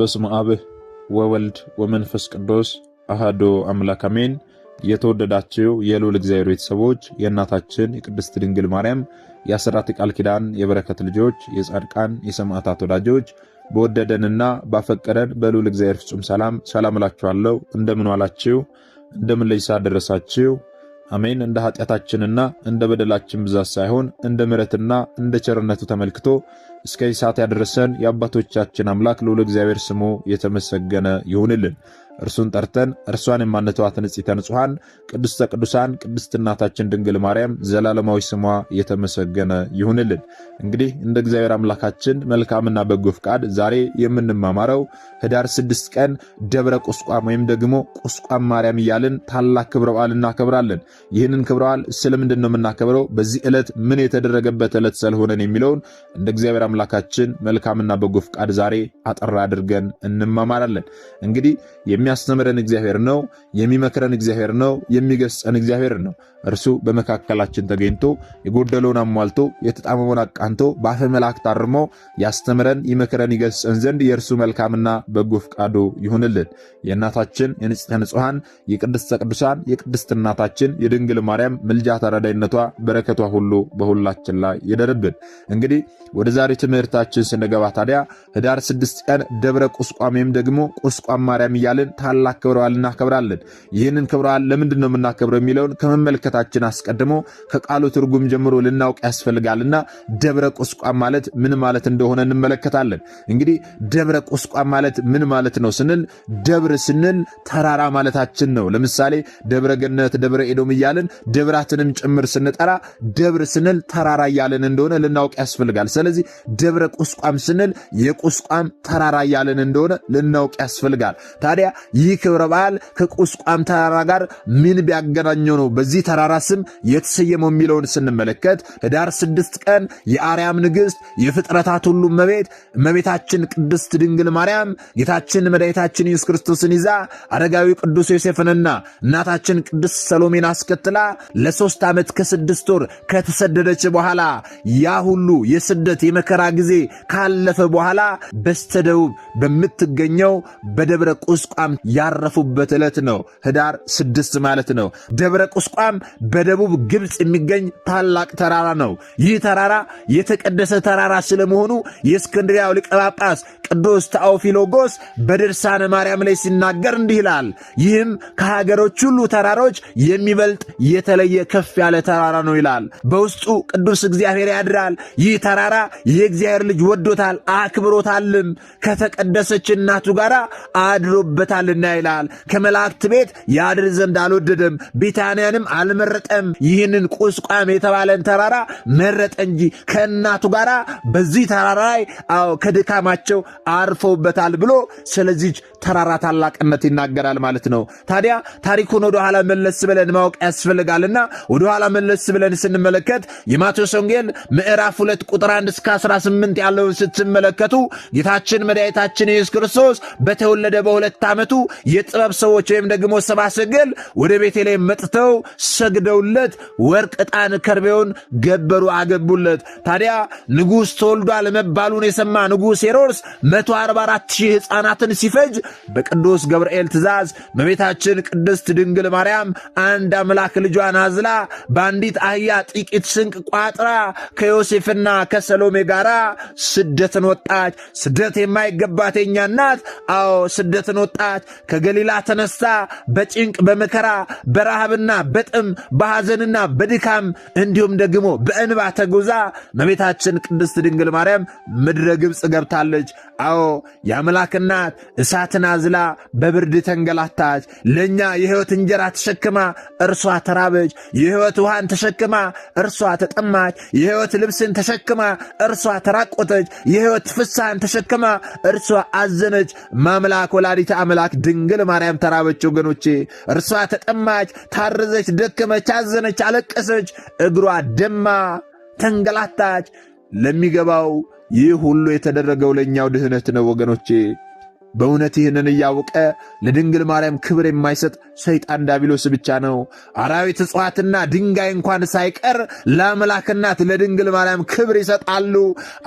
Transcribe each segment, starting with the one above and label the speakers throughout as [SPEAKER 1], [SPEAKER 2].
[SPEAKER 1] በስመ አብ ወወልድ ወመንፈስ ቅዱስ አሃዶ አምላክ አሜን። የተወደዳችሁ የልዑል እግዚአብሔር ቤተሰቦች የእናታችን የቅድስት ድንግል ማርያም የአስራት ቃል ኪዳን የበረከት ልጆች የጻድቃን የሰማዕታት ወዳጆች በወደደንና ባፈቀረን በልዑል እግዚአብሔር ፍጹም ሰላም ሰላም እላችኋለሁ። እንደምን ዋላችሁ? እንደምን ለይሳ ደረሳችሁ? አሜን። እንደ ኃጢአታችንና እንደ በደላችን ብዛት ሳይሆን እንደ ምረትና እንደ ቸርነቱ ተመልክቶ እስከዚህ ሰዓት ያደረሰን የአባቶቻችን አምላክ ልዑል እግዚአብሔር ስሙ የተመሰገነ ይሁንልን። እርሱን ጠርተን እርሷን የማንተዋትን ንጽሕተ ንጹሐን ቅድስተ ቅዱሳን ቅድስት እናታችን ድንግል ማርያም ዘላለማዊ ስሟ የተመሰገነ ይሁንልን። እንግዲህ እንደ እግዚአብሔር አምላካችን መልካምና በጎ ፍቃድ ዛሬ የምንማማረው ህዳር ስድስት ቀን ደብረ ቁስቋም ወይም ደግሞ ቁስቋም ማርያም እያልን ታላቅ ክብረ በዓል እናከብራለን። ይህንን ክብረ በዓል ስለምንድን ነው የምናከብረው? በዚህ ዕለት ምን የተደረገበት ዕለት ስለሆነን የሚለውን እንደ እግዚአብሔር አምላካችን መልካምና በጎ ፍቃድ ዛሬ አጠራ አድርገን እንማማራለን። እንግዲህ የሚያስተምረን እግዚአብሔር ነው። የሚመክረን እግዚአብሔር ነው። የሚገስጸን እግዚአብሔር ነው። እርሱ በመካከላችን ተገኝቶ የጎደለውን አሟልቶ የተጣመመውን አቃንቶ በአፈ መላእክት አርሞ ያስተምረን፣ ይመክረን፣ ይገስጸን ዘንድ የእርሱ መልካምና በጎ ፍቃዱ ይሁንልን። የእናታችን የንጽሕተ ንጹሐን የቅድስተ ቅዱሳን የቅድስት እናታችን የድንግል ማርያም ምልጃ ተረዳይነቷ በረከቷ ሁሉ በሁላችን ላይ ይደርብን። እንግዲህ ወደ ዛሬ ትምህርታችን ስንገባ ታዲያ ህዳር ስድስት ቀን ደብረ ቁስቋም ወይም ደግሞ ቁስቋም ማርያም እያልን ታላቅ ክብረ በዓል እናከብራለን። ይህንን ክብረ በዓል ለምንድን ነው የምናከብረው የሚለውን ከመመልከታችን አስቀድሞ ከቃሉ ትርጉም ጀምሮ ልናውቅ ያስፈልጋልና ደብረ ቁስቋም ማለት ምን ማለት እንደሆነ እንመለከታለን። እንግዲህ ደብረ ቁስቋም ማለት ምን ማለት ነው ስንል ደብር ስንል ተራራ ማለታችን ነው። ለምሳሌ ደብረ ገነት፣ ደብረ ኤዶም እያለን ደብራትንም ጭምር ስንጠራ ደብር ስንል ተራራ እያለን እንደሆነ ልናውቅ ያስፈልጋል። ስለዚህ ደብረ ቁስቋም ስንል የቁስቋም ተራራ እያለን እንደሆነ ልናውቅ ያስፈልጋል። ታዲያ ይህ ክብረ በዓል ከቁስቋም ተራራ ጋር ምን ቢያገናኘው ነው በዚህ ተራራ ስም የተሰየመው የሚለውን ስንመለከት ህዳር ስድስት ቀን የአርያም ንግሥት የፍጥረታት ሁሉ መቤት እመቤታችን ቅድስት ድንግል ማርያም ጌታችን መድኃኒታችን ኢየሱስ ክርስቶስን ይዛ አረጋዊ ቅዱስ ዮሴፍንና እናታችን ቅድስት ሰሎሜን አስከትላ ለሶስት ዓመት ከስድስት ወር ከተሰደደች በኋላ ያ ሁሉ የስደት የመከራ ጊዜ ካለፈ በኋላ በስተደቡብ በምትገኘው በደብረ ቁስቋም ቁስቋም ያረፉበት ዕለት ነው። ህዳር ስድስት ማለት ነው። ደብረ ቁስቋም በደቡብ ግብፅ የሚገኝ ታላቅ ተራራ ነው። ይህ ተራራ የተቀደሰ ተራራ ስለመሆኑ የእስክንድሪያው ሊቀ ጳጳስ ቅዱስ ታኦፊሎጎስ በድርሳነ ማርያም ላይ ሲናገር እንዲህ ይላል። ይህም ከሀገሮች ሁሉ ተራሮች የሚበልጥ የተለየ ከፍ ያለ ተራራ ነው ይላል። በውስጡ ቅዱስ እግዚአብሔር ያድራል። ይህ ተራራ የእግዚአብሔር ልጅ ወዶታል፣ አክብሮታልም ከተቀደሰች እናቱ ጋር አድሮበታል ይመጣልና ይላል። ከመላእክት ቤት ያድር ዘንድ አልወደደም፣ ቢታንያንም አልመረጠም። ይህንን ቁስቋም የተባለን ተራራ መረጠ እንጂ ከእናቱ ጋር በዚህ ተራራ ላይ ከድካማቸው አርፈውበታል ብሎ ስለዚች ተራራ ታላቅነት ይናገራል ማለት ነው። ታዲያ ታሪኩን ወደኋላ መለስ ብለን ማወቅ ያስፈልጋልና ወደኋላ መለስ ብለን ስንመለከት የማቴዎስ ወንጌል ምዕራፍ 2 ቁጥር 1 እስከ 18 ያለውን ስትመለከቱ ጌታችን መድኃኒታችን ኢየሱስ ክርስቶስ በተወለደ በሁለት ዓመት በእለቱ የጥበብ ሰዎች ወይም ደግሞ ሰብአ ሰገል ወደ ቤተልሔም መጥተው ሰግደውለት ወርቅ፣ ዕጣን፣ ከርቤውን ገበሩ አገቡለት። ታዲያ ንጉሥ ተወልዷል መባሉን የሰማ ንጉሥ ሄሮድስ 144 ሺህ ሕፃናትን ሲፈጅ በቅዱስ ገብርኤል ትእዛዝ በቤታችን ቅድስት ድንግል ማርያም አንድ አምላክ ልጇን አዝላ በአንዲት አህያ ጥቂት ስንቅ ቋጥራ ከዮሴፍና ከሰሎሜ ጋር ስደትን ወጣች። ስደት የማይገባት ኛናት እናት፣ አዎ ስደትን ወጣች። ምክንያት ከገሊላ ተነሳ በጭንቅ በመከራ በረሃብና በጥም በሐዘንና በድካም እንዲሁም ደግሞ በእንባ ተጉዛ እመቤታችን ቅድስት ድንግል ማርያም ምድረ ግብፅ ገብታለች። አዎ የአምላክ እናት እሳትን አዝላ በብርድ ተንገላታች። ለእኛ የሕይወት እንጀራ ተሸክማ እርሷ ተራበች። የሕይወት ውሃን ተሸክማ እርሷ ተጠማች። የሕይወት ልብስን ተሸክማ እርሷ ተራቆተች። የሕይወት ፍሳን ተሸክማ እርሷ አዘነች። ማምላክ ወላዲተ አምላክ አምላክ ድንግል ማርያም ተራበች። ወገኖቼ እርሷ ተጠማች፣ ታረዘች፣ ደከመች፣ አዘነች፣ አለቀሰች፣ እግሯ ደማ፣ ተንገላታች። ለሚገባው ይህ ሁሉ የተደረገው ለእኛው ድህነት ነው ወገኖቼ በእውነት ይህንን እያወቀ ለድንግል ማርያም ክብር የማይሰጥ ሰይጣን ዳቢሎስ ብቻ ነው። አራዊት እጽዋትና ድንጋይ እንኳን ሳይቀር ለአምላክ እናት ለድንግል ማርያም ክብር ይሰጣሉ።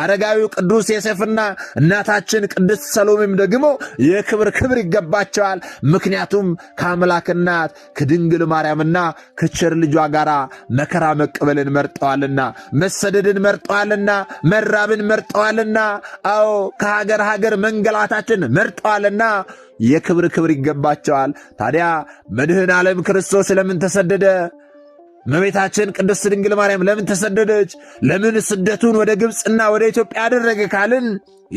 [SPEAKER 1] አረጋዊው ቅዱስ ዮሴፍና እናታችን ቅድስት ሰሎሜም ደግሞ የክብር ክብር ይገባቸዋል። ምክንያቱም ከአምላክ እናት ከድንግል ማርያምና ከቸር ልጇ ጋር መከራ መቀበልን መርጠዋልና፣ መሰደድን መርጠዋልና፣ መራብን መርጠዋልና፣ አዎ ከሀገር ሀገር መንገላታችን መር ተመርጠዋልና የክብር ክብር ይገባቸዋል። ታዲያ መድህን ዓለም ክርስቶስ ለምን ተሰደደ? እመቤታችን ቅድስት ድንግል ማርያም ለምን ተሰደደች? ለምን ስደቱን ወደ ግብፅና ወደ ኢትዮጵያ ያደረገ ካልን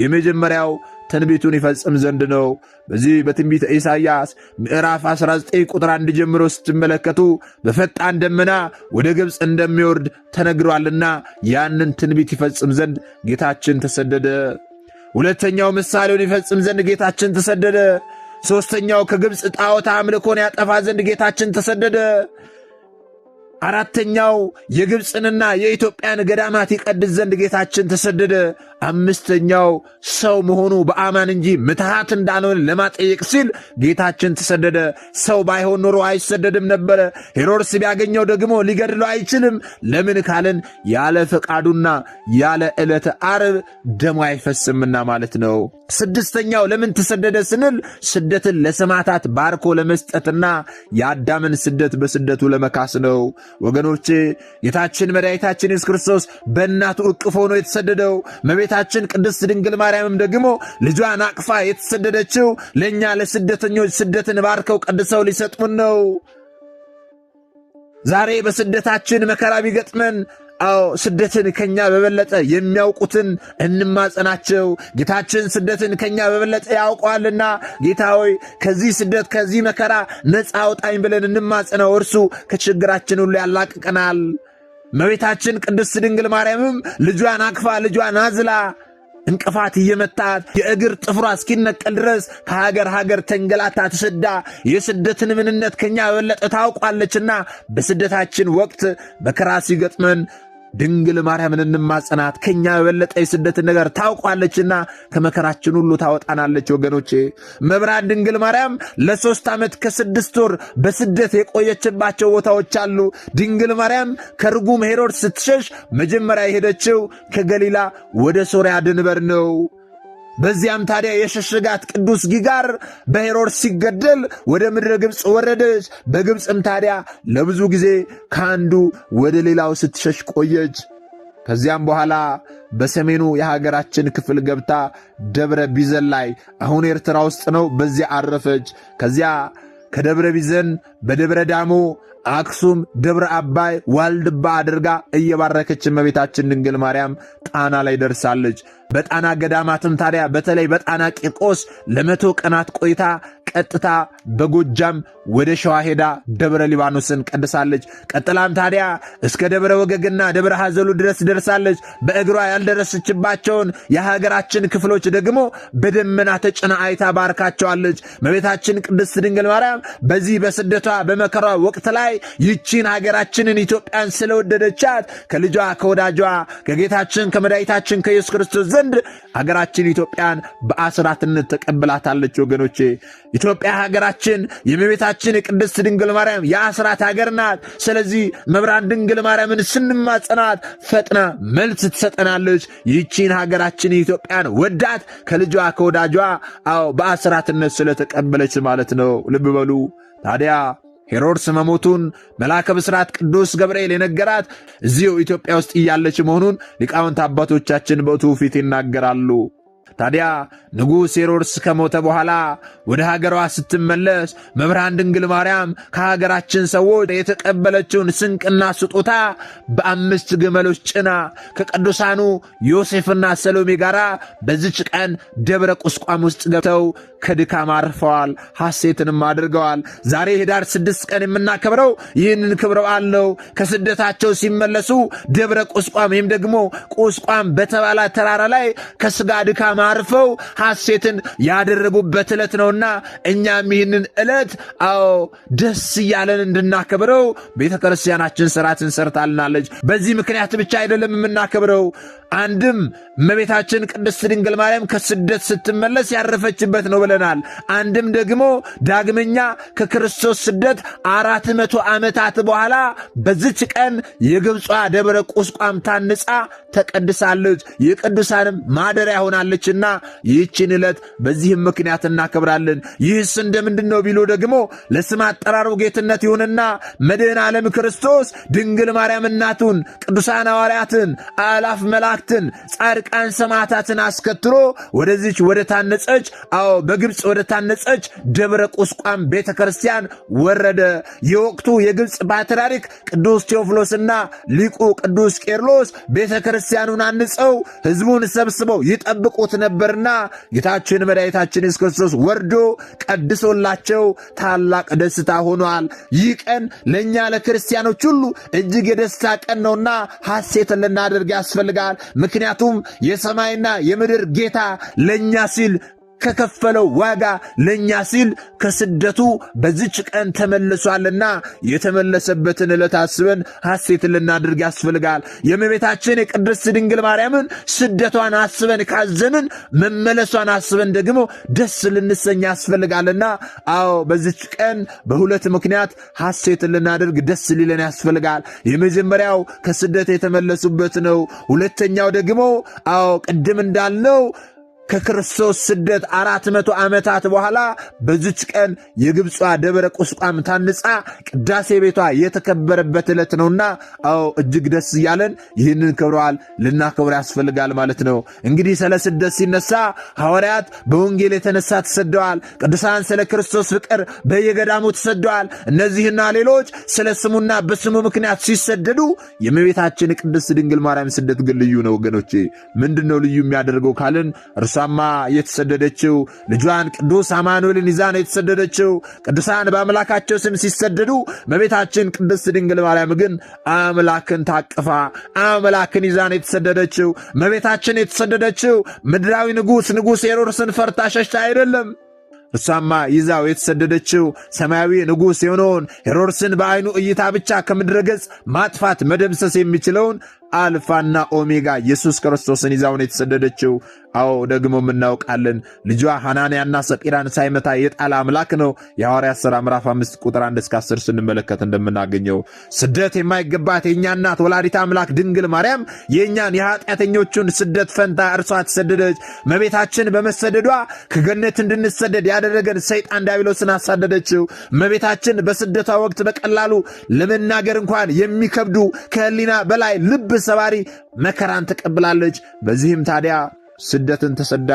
[SPEAKER 1] የመጀመሪያው ትንቢቱን ይፈጽም ዘንድ ነው። በዚህ በትንቢተ ኢሳይያስ ምዕራፍ 19 ቁጥር 1 ጀምሮ ስትመለከቱ በፈጣን ደመና ወደ ግብፅ እንደሚወርድ ተነግሯልና ያንን ትንቢት ይፈጽም ዘንድ ጌታችን ተሰደደ። ሁለተኛው ምሳሌውን ይፈጽም ዘንድ ጌታችን ተሰደደ። ሦስተኛው ከግብፅ ጣዖት አምልኮን ያጠፋ ዘንድ ጌታችን ተሰደደ። አራተኛው የግብፅንና የኢትዮጵያን ገዳማት ይቀድስ ዘንድ ጌታችን ተሰደደ። አምስተኛው ሰው መሆኑ በአማን እንጂ ምትሃት እንዳልሆን ለማጠየቅ ሲል ጌታችን ተሰደደ። ሰው ባይሆን ኖሮ አይሰደድም ነበረ። ሄሮድስ ቢያገኘው ደግሞ ሊገድለው አይችልም። ለምን ካልን ያለ ፈቃዱና ያለ ዕለተ አርብ ደሞ አይፈስምና ማለት ነው። ስድስተኛው ለምን ተሰደደ ስንል ስደትን ለሰማዕታት ባርኮ ለመስጠትና የአዳምን ስደት በስደቱ ለመካስ ነው። ወገኖቼ ጌታችን መድኃኒታችን ኢየሱስ ክርስቶስ በእናቱ ዕቅፍ ሆኖ የተሰደደው እመቤታችን ቅድስት ድንግል ማርያምም ደግሞ ልጇን አቅፋ የተሰደደችው ለእኛ ለስደተኞች ስደትን ባርከው ቀድሰው ሊሰጡን ነው። ዛሬ በስደታችን መከራ ቢገጥመን አዎ ስደትን ከኛ በበለጠ የሚያውቁትን እንማጸናቸው። ጌታችን ስደትን ከኛ በበለጠ ያውቀዋልና ጌታ ሆይ ከዚህ ስደት ከዚህ መከራ ነፃ አውጣኝ ብለን እንማጸነው። እርሱ ከችግራችን ሁሉ ያላቅቀናል። እመቤታችን ቅድስት ድንግል ማርያምም ልጇን አቅፋ ልጇን አዝላ እንቅፋት እየመታት የእግር ጥፍሯ እስኪነቀል ድረስ ከሀገር ሀገር ተንገላታ ተሰዳ የስደትን ምንነት ከኛ በበለጠ ታውቋለችና በስደታችን ወቅት መከራ ሲገጥመን ድንግል ማርያምን እንማጸናት ከእኛ የበለጠ የስደትን ነገር ታውቋለችና ከመከራችን ሁሉ ታወጣናለች። ወገኖቼ መብራት ድንግል ማርያም ለሶስት ዓመት ከስድስት ወር በስደት የቆየችባቸው ቦታዎች አሉ። ድንግል ማርያም ከርጉም ሄሮድስ ስትሸሽ መጀመሪያ የሄደችው ከገሊላ ወደ ሶርያ ድንበር ነው። በዚያም ታዲያ የሸሸጋት ቅዱስ ጊጋር በሄሮድስ ሲገደል ወደ ምድረ ግብፅ ወረደች። በግብፅም ታዲያ ለብዙ ጊዜ ከአንዱ ወደ ሌላው ስትሸሽ ቆየች። ከዚያም በኋላ በሰሜኑ የሀገራችን ክፍል ገብታ ደብረ ቢዘን ላይ አሁን ኤርትራ ውስጥ ነው፣ በዚያ አረፈች። ከዚያ ከደብረ ቢዘን በደብረ ዳሞ አክሱም፣ ደብረ አባይ፣ ዋልድባ አድርጋ እየባረከች እመቤታችን ድንግል ማርያም ጣና ላይ ደርሳለች። በጣና ገዳማትም ታዲያ በተለይ በጣና ቂርቆስ ለመቶ ቀናት ቆይታ ቀጥታ በጎጃም ወደ ሸዋ ሄዳ ደብረ ሊባኖስን ቀድሳለች። ቀጥላም ታዲያ እስከ ደብረ ወገግና ደብረ ሐዘሉ ድረስ ደርሳለች። በእግሯ ያልደረሰችባቸውን የሀገራችን ክፍሎች ደግሞ በደመና ተጭና አይታ ባርካቸዋለች። እመቤታችን ቅድስት ድንግል ማርያም በዚህ በስደቷ በመከራ ወቅት ላይ ይቺን ሀገራችንን ኢትዮጵያን ስለወደደቻት ከልጇ ከወዳጇ ከጌታችን ከመድኃኒታችን ከኢየሱስ ክርስቶስ ዘንድ ሀገራችን ኢትዮጵያን በአስራትነት ተቀብላታለች። ወገኖቼ ኢትዮጵያ ሀገራ ሀገራችን የእመቤታችን የቅድስት ድንግል ማርያም የአስራት ሀገር ናት። ስለዚህ መብራን ድንግል ማርያምን ስንማጸናት ፈጥና መልስ ትሰጠናለች። ይህቺን ሀገራችን ኢትዮጵያን ወዳት ከልጇ ከወዳጇ አዎ በአስራትነት ስለተቀበለች ማለት ነው። ልብ በሉ ታዲያ ሄሮድስ መሞቱን መልአከ ብስራት ቅዱስ ገብርኤል የነገራት እዚሁ ኢትዮጵያ ውስጥ እያለች መሆኑን ሊቃውንት አባቶቻችን በቱ ፊት ይናገራሉ። ታዲያ ንጉሥ ሄሮድስ ከሞተ በኋላ ወደ ሀገሯ ስትመለስ መብርሃን ድንግል ማርያም ከሀገራችን ሰዎች የተቀበለችውን ስንቅና ስጦታ በአምስት ግመሎች ጭና ከቅዱሳኑ ዮሴፍና ሰሎሜ ጋር በዚች ቀን ደብረ ቁስቋም ውስጥ ገብተው ከድካም አርፈዋል፣ ሐሴትንም አድርገዋል። ዛሬ ኅዳር ስድስት ቀን የምናከብረው ይህንን ክብረ በዓል ነው። ከስደታቸው ሲመለሱ ደብረ ቁስቋም ወይም ደግሞ ቁስቋም በተባለ ተራራ ላይ ከስጋ ድካም ። አርፈው ሐሴትን ያደረጉበት ዕለት ነውና እኛም ይህንን ዕለት አዎ ደስ እያለን እንድናከብረው ቤተ ክርስቲያናችን ስርዓትን ሰርታልናለች። በዚህ ምክንያት ብቻ አይደለም የምናከብረው። አንድም እመቤታችን ቅድስት ድንግል ማርያም ከስደት ስትመለስ ያረፈችበት ነው ብለናል። አንድም ደግሞ ዳግመኛ ከክርስቶስ ስደት አራት መቶ ዓመታት በኋላ በዚች ቀን የግብጿ ደብረ ቁስቋም ታንጻ ተቀድሳለች፣ የቅዱሳንም ማደሪያ ሆናለች። ናትና ይህችን ዕለት በዚህም ምክንያት እናከብራለን። ይህስ እንደምንድን ነው ቢሉ ደግሞ ለስም አጠራሩ ጌትነት ይሁንና መድህን ዓለም ክርስቶስ ድንግል ማርያም እናቱን፣ ቅዱሳን ሐዋርያትን፣ አላፍ መላእክትን፣ ጻድቃን ሰማዕታትን አስከትሎ ወደዚች ወደ ታነጸች አዎ በግብፅ ወደ ታነጸች ደብረ ቁስቋም ቤተ ክርስቲያን ወረደ። የወቅቱ የግብፅ ፓትርያርክ ቅዱስ ቴዎፍሎስና ሊቁ ቅዱስ ቄርሎስ ቤተ ክርስቲያኑን አንጸው ሕዝቡን ሰብስበው ይጠብቁት ነበርና ጌታችን መድኃኒታችን ኢየሱስ ክርስቶስ ወርዶ ቀድሶላቸው ታላቅ ደስታ ሆኗል። ይህ ቀን ለእኛ ለክርስቲያኖች ሁሉ እጅግ የደስታ ቀን ነውና ሐሴትን ልናደርግ ያስፈልጋል። ምክንያቱም የሰማይና የምድር ጌታ ለእኛ ሲል ከከፈለው ዋጋ ለእኛ ሲል ከስደቱ በዚች ቀን ተመልሷልና የተመለሰበትን ዕለት አስበን ሐሴት ልናድርግ ያስፈልጋል። የእመቤታችን የቅድስት ድንግል ማርያምን ስደቷን አስበን ካዘንን፣ መመለሷን አስበን ደግሞ ደስ ልንሰኝ ያስፈልጋልና። አዎ በዚች ቀን በሁለት ምክንያት ሐሴት ልናደርግ ደስ ሊለን ያስፈልጋል። የመጀመሪያው ከስደት የተመለሱበት ነው። ሁለተኛው ደግሞ አዎ ቅድም እንዳለው ከክርስቶስ ስደት አራት መቶ ዓመታት በኋላ በዚች ቀን የግብጿ ደብረ ቁስቋም ታንጻ ቅዳሴ ቤቷ የተከበረበት ዕለት ነውና፣ አዎ እጅግ ደስ እያለን ይህንን ክብረ በዓል ልናከብር ያስፈልጋል ማለት ነው። እንግዲህ ስለ ስደት ሲነሳ ሐዋርያት በወንጌል የተነሳ ተሰደዋል። ቅዱሳን ስለ ክርስቶስ ፍቅር በየገዳሙ ተሰደዋል። እነዚህና ሌሎች ስለ ስሙና በስሙ ምክንያት ሲሰደዱ የእመቤታችን ቅድስት ድንግል ማርያም ስደት ግን ልዩ ነው። ወገኖቼ ምንድን ነው ልዩ የሚያደርገው ካልን ሳማ የተሰደደችው ልጇን ቅዱስ አማኑኤልን ይዛ ነው የተሰደደችው። ቅዱሳን በአምላካቸው ስም ሲሰደዱ፣ መቤታችን ቅድስት ድንግል ማርያም ግን አምላክን ታቅፋ አምላክን ይዛ ነው የተሰደደችው። መቤታችን የተሰደደችው ምድራዊ ንጉሥ ንጉሥ ሄሮድስን ፈርታ ሸሽታ አይደለም። እሷማ ይዛው የተሰደደችው ሰማያዊ ንጉሥ የሆነውን ሄሮድስን በዐይኑ እይታ ብቻ ከምድረ ገጽ ማጥፋት መደምሰስ የሚችለውን አልፋና ኦሜጋ ኢየሱስ ክርስቶስን ይዛውን የተሰደደችው አዎ ደግሞም እናውቃለን ልጇ ሐናንያና ሰጲራን ሳይመታ የጣለ አምላክ ነው። የሐዋርያት ሥራ ምዕራፍ 5 ቁጥር 1 እስከ 10 ስንመለከት እንደምናገኘው ስደት የማይገባት የእኛ እናት ወላዲት አምላክ ድንግል ማርያም የእኛን የኃጢአተኞቹን ስደት ፈንታ እርሷ ተሰደደች። መቤታችን በመሰደዷ ከገነት እንድንሰደድ ያደረገን ሰይጣን ዲያብሎስን አሳደደችው። እመቤታችን በስደቷ ወቅት በቀላሉ ለመናገር እንኳን የሚከብዱ ከህሊና በላይ ልብ ሰባሪ መከራን ተቀብላለች። በዚህም ታዲያ ስደትን ተሰዳ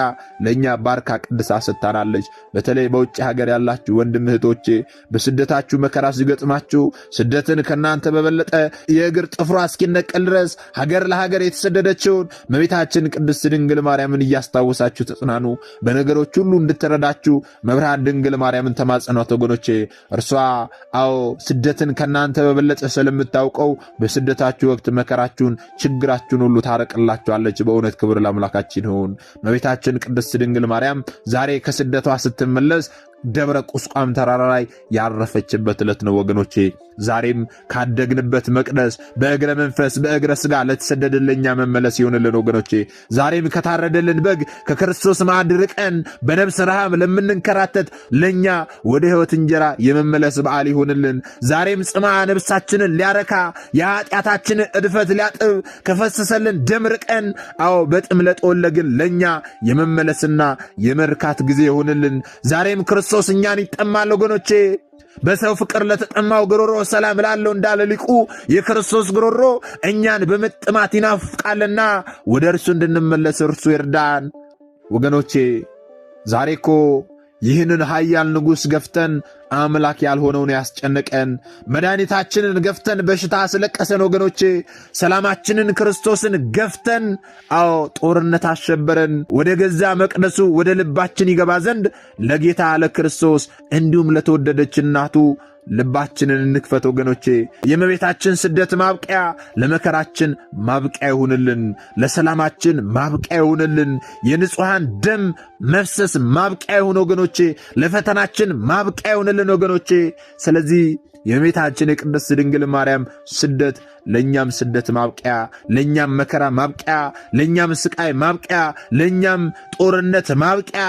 [SPEAKER 1] ለእኛ ባርካ ቅድሳ ሰጥታናለች። በተለይ በውጭ ሀገር ያላችሁ ወንድም እህቶቼ በስደታችሁ መከራ ሲገጥማችሁ ስደትን ከእናንተ በበለጠ የእግር ጥፍሮ እስኪነቀል ድረስ ሀገር ለሀገር የተሰደደችውን እመቤታችን ቅድስት ድንግል ማርያምን እያስታወሳችሁ ተጽናኑ። በነገሮች ሁሉ እንድትረዳችሁ መብርሃን ድንግል ማርያምን ተማጸኗት። ወገኖቼ እርሷ አዎ ስደትን ከእናንተ በበለጠ ስለምታውቀው በስደታችሁ ወቅት መከራችሁን፣ ችግራችሁን ሁሉ ታረቅላችኋለች። በእውነት ክብር ለአምላካችን ይሁን። እመቤታችን ቅድስት ድንግል ማርያም ዛሬ ከስደቷ ስትመለስ ደብረ ቁስቋም ተራራ ላይ ያረፈችበት ዕለት ነው ወገኖቼ። ዛሬም ካደግንበት መቅደስ በእግረ መንፈስ በእግረ ሥጋ ለተሰደደለኛ መመለስ ይሆንልን ወገኖቼ። ዛሬም ከታረደልን በግ ከክርስቶስ ማዕድ ርቀን በነብስ ረሃብ ለምንንከራተት ለእኛ ወደ ሕይወት እንጀራ የመመለስ በዓል ይሆንልን። ዛሬም ጽማ ነብሳችንን ሊያረካ የኃጢአታችንን እድፈት ሊያጥብ ከፈሰሰልን ደም ርቀን አዎ በጥም ለጦለግን ለእኛ የመመለስና የመርካት ጊዜ ይሆንልን። ዛሬም ክርስቶስ ክርስቶስ እኛን ይጠማል። ወገኖቼ በሰው ፍቅር ለተጠማው ግሮሮ ሰላም እላለሁ እንዳለ ሊቁ የክርስቶስ ግሮሮ እኛን በመጥማት ይናፍቃልና ወደ እርሱ እንድንመለስ እርሱ ይርዳን። ወገኖቼ ዛሬ እኮ ይህንን ኃያል ንጉሥ ገፍተን አምላክ ያልሆነውን ያስጨነቀን መድኃኒታችንን ገፍተን በሽታ አስለቀሰን። ወገኖቼ ሰላማችንን ክርስቶስን ገፍተን፣ አዎ ጦርነት አሸበረን። ወደ ገዛ መቅደሱ ወደ ልባችን ይገባ ዘንድ ለጌታ ለክርስቶስ እንዲሁም ለተወደደች እናቱ ልባችንን እንክፈት ወገኖቼ። የእመቤታችን ስደት ማብቂያ ለመከራችን ማብቂያ ይሁንልን፣ ለሰላማችን ማብቂያ ይሁንልን። የንጹሐን ደም መፍሰስ ማብቂያ ይሁን ወገኖቼ፣ ለፈተናችን ማብቂያ ይሁንልን ወገኖቼ። ስለዚህ የእመቤታችን የቅድስት ድንግል ማርያም ስደት ለእኛም ስደት ማብቂያ፣ ለእኛም መከራ ማብቂያ፣ ለእኛም ስቃይ ማብቂያ፣ ለእኛም ጦርነት ማብቂያ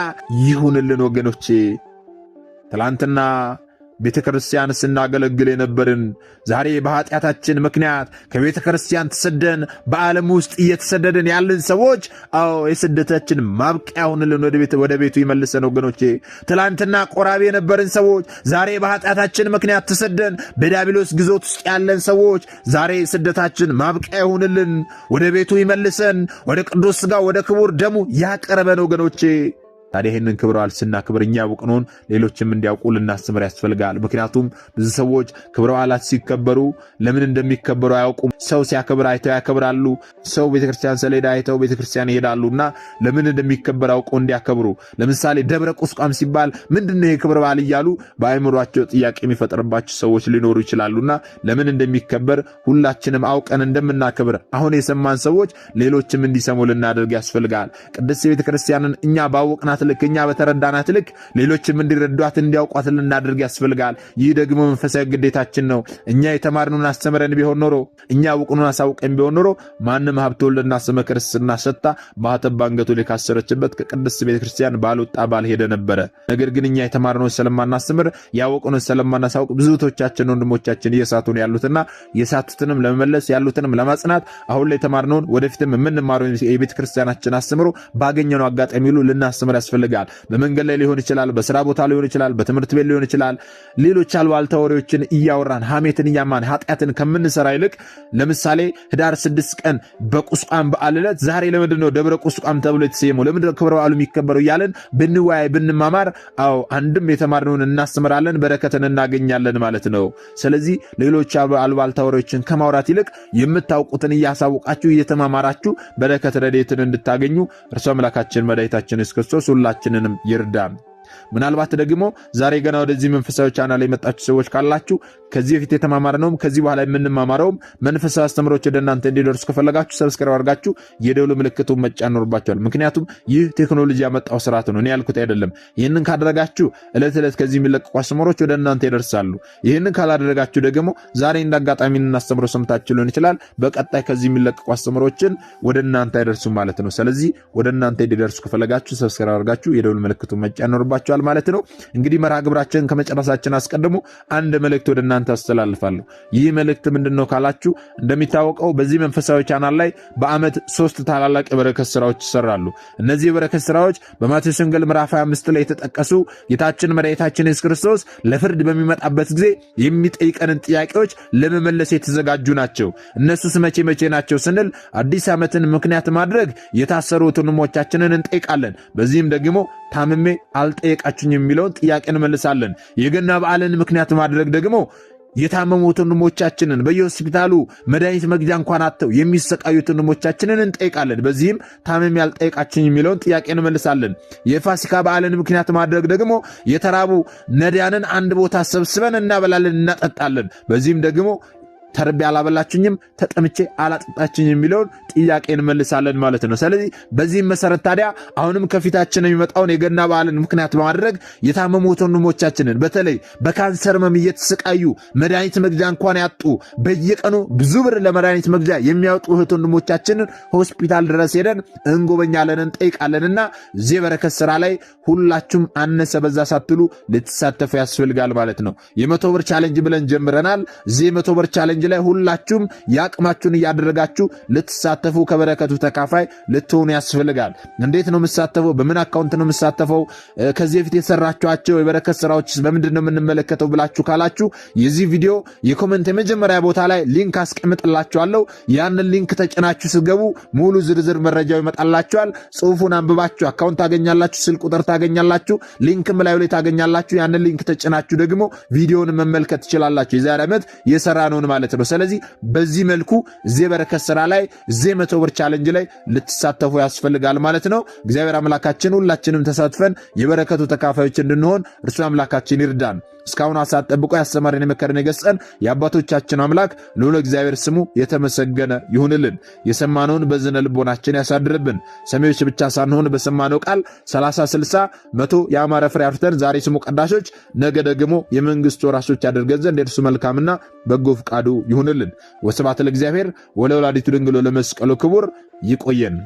[SPEAKER 1] ይሁንልን ወገኖቼ ትላንትና ቤተ ክርስቲያን ስናገለግል የነበርን ዛሬ በኃጢአታችን ምክንያት ከቤተ ክርስቲያን ተሰደን በዓለም ውስጥ እየተሰደድን ያለን ሰዎች፣ አዎ የስደታችን ማብቂያ ሁንልን፣ ወደ ቤቱ ይመልሰን። ወገኖቼ ትላንትና ቆራቢ የነበርን ሰዎች ዛሬ በኃጢአታችን ምክንያት ተሰደን በዲያብሎስ ግዞት ውስጥ ያለን ሰዎች ዛሬ ስደታችን ማብቂያ ይሁንልን፣ ወደ ቤቱ ይመልሰን፣ ወደ ቅዱስ ሥጋ ወደ ክቡር ደሙ ያቀረበን ወገኖቼ ታዲያ ይህንን ክብረ በዓል ስናክብር እኛ ያውቅነውን ሌሎችም እንዲያውቁ ልናስተምር ያስፈልጋል። ምክንያቱም ብዙ ሰዎች ክብረ በዓላት ሲከበሩ ለምን እንደሚከበሩ አያውቁም። ሰው ሲያከብር አይተው ያከብራሉ። ሰው ቤተክርስቲያን ሰሌዳ አይተው ቤተክርስቲያን ይሄዳሉ እና ለምን እንደሚከበር አውቀው እንዲያከብሩ ለምሳሌ ደብረ ቁስቋም ሲባል ምንድነው የክብረ በዓል እያሉ በአእምሯቸው ጥያቄ የሚፈጥርባቸው ሰዎች ሊኖሩ ይችላሉና ለምን እንደሚከበር ሁላችንም አውቀን እንደምናከብር አሁን የሰማን ሰዎች ሌሎችም እንዲሰሙ ልናደርግ ያስፈልጋል። ቅድስት ቤተክርስቲያንን እኛ ባወቅናት ልክ እኛ በተረዳናት ልክ ሌሎችም እንዲረዷት እንዲያውቋት ልናደርግ ያስፈልጋል። ይህ ደግሞ መንፈሳዊ ግዴታችን ነው። እኛ የተማርነውን አስተምረን ቢሆን ኖሮ እኛ ያወቅነውን አሳውቀን ቢሆን ኖሮ ማንም ሀብተ ወልድና ስመ ክርስትና ሰጥታ ማኅተብ ባንገቱ ላይ ካሰረችበት ከቅድስት ቤተክርስቲያን ባልወጣ ባልሄደ ነበረ። ነገር ግን እኛ የተማርነውን ስለማናስተምር ያወቅነውን ስለማናሳውቅ ብዙቶቻችን ወንድሞቻችን እየሳቱን ያሉትና የሳቱትንም ለመመለስ ያሉትንም ለማጽናት አሁን ላይ የተማርነውን ወደፊትም የምንማረው የቤተክርስቲያናችን አስተምሮ ባገኘነው አጋጣሚ ሁሉ ልናስተምር ያስፈልጋል። ያስፈልጋል። በመንገድ ላይ ሊሆን ይችላል፣ በስራ ቦታ ሊሆን ይችላል፣ በትምህርት ቤት ሊሆን ይችላል። ሌሎች አልባልታ ወሬዎችን እያወራን ሐሜትን እያማን ኃጢአትን ከምንሰራ ይልቅ ለምሳሌ ህዳር ስድስት ቀን በቁስቋም በዓል ዕለት ዛሬ ለምንድን ነው ደብረ ቁስቋም ተብሎ የተሰየመው? ለምንድን ነው ክብረ በዓሉ የሚከበረው? እያለን ብንወያይ ብንማማር፣ አዎ አንድም የተማርነውን እናስተምራለን፣ በረከትን እናገኛለን ማለት ነው። ስለዚህ ሌሎች አልባልታ ወሬዎችን ከማውራት ይልቅ የምታውቁትን እያሳውቃችሁ እየተማማራችሁ በረከት ረድኤትን እንድታገኙ እርሱ አምላካችን መድኃኒታችን ኢየሱስ ክርስቶስ ሁላችንንም ይርዳን። ምናልባት ደግሞ ዛሬ ገና ወደዚህ መንፈሳዊ ቻናል የመጣችሁ ሰዎች ካላችሁ ከዚህ በፊት የተማማርነውም ከዚህ በኋላ የምንማማረውም መንፈሳዊ አስተምሮች ወደ እናንተ እንዲደርሱ ከፈለጋችሁ ሰብስክራይብ አድርጋችሁ የደውል ምልክቱን መጫን ይኖርባችኋል። ምክንያቱም ይህ ቴክኖሎጂ ያመጣው ስርዓት ነው፣ እኔ ያልኩት አይደለም። ይህንን ካደረጋችሁ እለት ዕለት ከዚህ የሚለቀቁ አስተምሮች ወደ እናንተ ይደርሳሉ። ይህንን ካላደረጋችሁ ደግሞ ዛሬ እንደ አጋጣሚ እናስተምሮ ሰምታችሁ ሊሆን ይችላል። በቀጣይ ከዚህ የሚለቀቁ አስተምሮችን ወደ እናንተ አይደርሱም ማለት ነው። ስለዚህ ወደ እናንተ እንዲደርሱ ከፈለጋችሁ ሰብስክራይብ አድርጋችሁ የደውል ምልክቱን መጫን ይኖርባችኋል። ይመስላችኋል ማለት ነው። እንግዲህ መርሃ ግብራችን ከመጨረሳችን አስቀድሞ አንድ መልእክት ወደ እናንተ አስተላልፋለሁ። ይህ መልእክት ምንድን ነው ካላችሁ፣ እንደሚታወቀው በዚህ መንፈሳዊ ቻናል ላይ በአመት ሶስት ታላላቅ የበረከት ስራዎች ይሰራሉ። እነዚህ የበረከት ስራዎች በማቴዎስ ወንጌል ምዕራፍ 25 ላይ የተጠቀሱ ጌታችን መድኃኒታችን ኢየሱስ ክርስቶስ ለፍርድ በሚመጣበት ጊዜ የሚጠይቀንን ጥያቄዎች ለመመለስ የተዘጋጁ ናቸው። እነሱስ መቼ መቼ ናቸው ስንል አዲስ ዓመትን ምክንያት ማድረግ የታሰሩ ወንድሞቻችንን እንጠይቃለን። በዚህም ደግሞ ታምሜ አልጠ ጠየቃችሁኝ የሚለውን ጥያቄ እንመልሳለን። የገና በዓልን ምክንያት ማድረግ ደግሞ የታመሙት ወንድሞቻችንን በየሆስፒታሉ መድኃኒት መግዣ እንኳን አጥተው የሚሰቃዩት ወንድሞቻችንን እንጠይቃለን። በዚህም ታመም ያልጠይቃችን የሚለውን ጥያቄ እንመልሳለን። የፋሲካ በዓልን ምክንያት ማድረግ ደግሞ የተራቡ ነዳያንን አንድ ቦታ ሰብስበን እናበላለን፣ እናጠጣለን። በዚህም ደግሞ ተርቤ አላበላችኝም፣ ተጠምቼ አላጠጣችኝ የሚለውን ጥያቄ እንመልሳለን ማለት ነው። ስለዚህ በዚህም መሰረት ታዲያ አሁንም ከፊታችን የሚመጣውን የገና በዓልን ምክንያት በማድረግ የታመሙ ወንድሞቻችንን በተለይ በካንሰር ህመም እየተሰቃዩ መድኃኒት መግዣ እንኳን ያጡ በየቀኑ ብዙ ብር ለመድኃኒት መግዣ የሚያወጡ እህት ወንድሞቻችንን ሆስፒታል ድረስ ሄደን እንጎበኛለን፣ እንጠይቃለንና እዚህ በረከት ስራ ላይ ሁላችሁም አነሰ በዛ ሳትሉ ልትሳተፉ ያስፈልጋል ማለት ነው። የመቶ ብር ቻለንጅ ብለን ጀምረናል። እዚህ የመቶ ብር ቻለንጅ ቻሌንጅ ላይ ሁላችሁም የአቅማችሁን እያደረጋችሁ ልትሳተፉ ከበረከቱ ተካፋይ ልትሆኑ ያስፈልጋል። እንዴት ነው የምሳተፈው? በምን አካውንት ነው የምሳተፈው? ከዚህ በፊት የሰራችኋቸው የበረከት ስራዎች በምንድን ነው የምንመለከተው ብላችሁ ካላችሁ የዚህ ቪዲዮ የኮመንት የመጀመሪያ ቦታ ላይ ሊንክ አስቀምጥላችኋለሁ። ያንን ሊንክ ተጭናችሁ ስትገቡ ሙሉ ዝርዝር መረጃው ይመጣላችኋል። ጽሁፉን አንብባችሁ አካውንት ታገኛላችሁ፣ ስልክ ቁጥር ታገኛላችሁ፣ ሊንክም ላዩ ላይ ታገኛላችሁ። ያንን ሊንክ ተጭናችሁ ደግሞ ቪዲዮን መመልከት ትችላላችሁ። የዛሬ ዓመት ነውን ማለት ማለት ነው። ስለዚህ በዚህ መልኩ ዜ በረከት ስራ ላይ እዚህ ብር ቻለንጅ ላይ ልትሳተፉ ያስፈልጋል ማለት ነው። እግዚአብሔር አምላካችን ሁላችንም ተሳትፈን የበረከቱ ተካፋዮች እንድንሆን እርሱ አምላካችን ይርዳን። እስካሁን ሰዓት ጠብቆ ያሰማረን የመከረን የገጸን የአባቶቻችን አምላክ ልዑል እግዚአብሔር ስሙ የተመሰገነ ይሁንልን። የሰማነውን በዝነ ልቦናችን ያሳድርብን። ሰሚዎች ብቻ ሳንሆን በሰማነው ቃል 30፣ 60፣ መቶ የአማረ ፍሬ አፍርተን ዛሬ ስሙ ቀዳሾች፣ ነገ ደግሞ የመንግስቱ ወራሾች ያደርገን ዘንድ የእርሱ መልካምና በጎ ፍቃዱ ይሁንልን። ወስብሐት ለእግዚአብሔር ወለወላዲቱ ድንግሎ ለመስቀሉ ክቡር ይቆየን።